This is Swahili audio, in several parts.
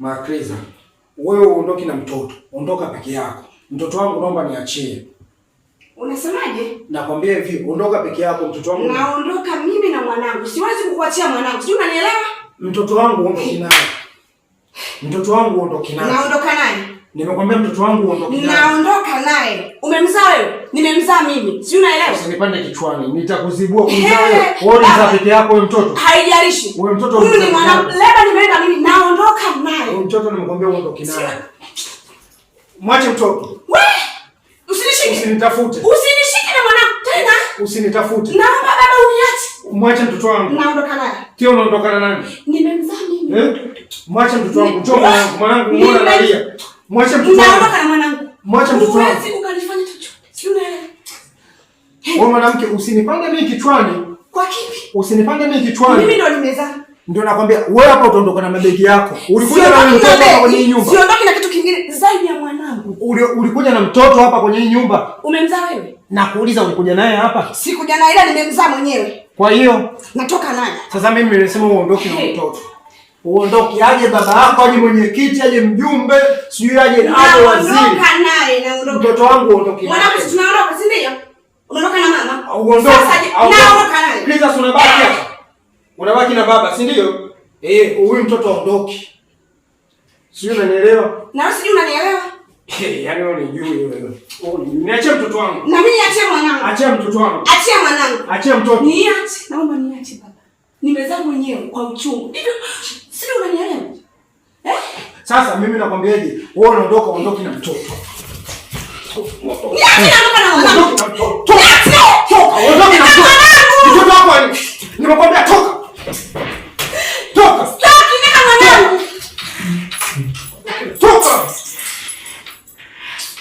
Makriza, wewe uondoki na mtoto, ondoka peke yako. Mtoto wangu naomba niachie. Unasemaje? Nakwambia hivi, ondoka peke yako mtoto wangu. Naondoka mimi na mwanangu. Siwezi kukuachia mwanangu. Sijui unanielewa? Mtoto wangu ondoki naye. Mtoto wangu ondoki naye. Naondoka naye. Nimekwambia mtoto wangu ondoki naye. Naondoka naye. Umemzaa wewe? Nimemzaa mimi. Sijui unaelewa? Usinipande kichwani. Nitakuzibua kumzaa wewe. Wewe unazaa peke yako wewe mtoto. Haijalishi. Wewe mtoto. Huyu ni mwanangu. Leba nimeenda mimi. Naondoka mtoto nimekuambia uondoke naye. Mwache mtoto. Wewe usinishike. Usinitafute. Usinishike na mwanangu tena. Usinitafute. Naomba baba uniache. Mwache mtoto wangu. Naondoka naye. Tio unaondoka na nani? Nimemzaa mimi. Eh? Mwache mtoto wangu. Mtoto wangu, Mwanangu mwana analia. Mwache mtoto wangu. Naondoka na mwanangu. Mwache mtoto wangu. Huwezi ukanifanya chochote. Si unaelewa. Wewe mwanamke usinipange mimi kichwani. Kwa kipi? Usinipange mimi kichwani. Mimi ndo nimezaa. Ndio nakwambia wewe hapo utaondoka na mabegi yako. Ulikuja na mtoto hapa kwenye hii nyumba. Siondoki na kitu kingine zaidi ya mwanangu. Ulikuja na mtoto hapa kwenye hii nyumba. Umemzaa wewe? Nakuuliza ulikuja naye hapa? Sikuja naye ila nimemzaa mwenyewe. Kwa hiyo natoka naye. Sasa mimi nimesema uondoke na mtoto. Uondoke aje baba yako aje mwenyekiti aje mjumbe, sijui aje hapo waziri. Naondoka naye na mtoto wangu uondoke. Mwanangu tunaondoka si ndio? Unaondoka na mama? Uondoke. Sasa naondoka naye. Please unabaki hapa unabaki na baba, si ndio? Eh, huyu mtoto aondoki. Sijui unanielewa? Na wewe sijui unanielewa? Eh, yani wewe unijui wewe. Oh, niache mtoto wangu. Na mimi niache mwanangu. Achia mtoto wangu. Achia mwanangu. Achia mtoto. Niache, naomba niache baba. Nimezaa mwenyewe kwa uchungu. Sijui unanielewa? Eh? Sasa mimi nakwambiaje? Wewe unaondoka, ondoki na mtoto. Niache na mwanangu. Toka, toka. Ondoki na mtoto. Mtoto wako. Nimekwambia toka.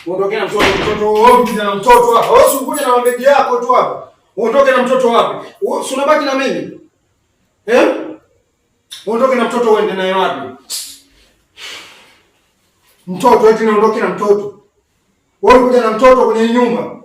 Uondoke na mtoto mtoto wapi na mtoto hapa. Wewe usikuje na mabegi yako tu hapa. Uondoke na mtoto wapi? Wewe unabaki na mimi. Eh? Uondoke na mtoto uende naye wapi? Mtoto eti niondoke na mtoto. Wewe kuja na mtoto kwenye nyumba.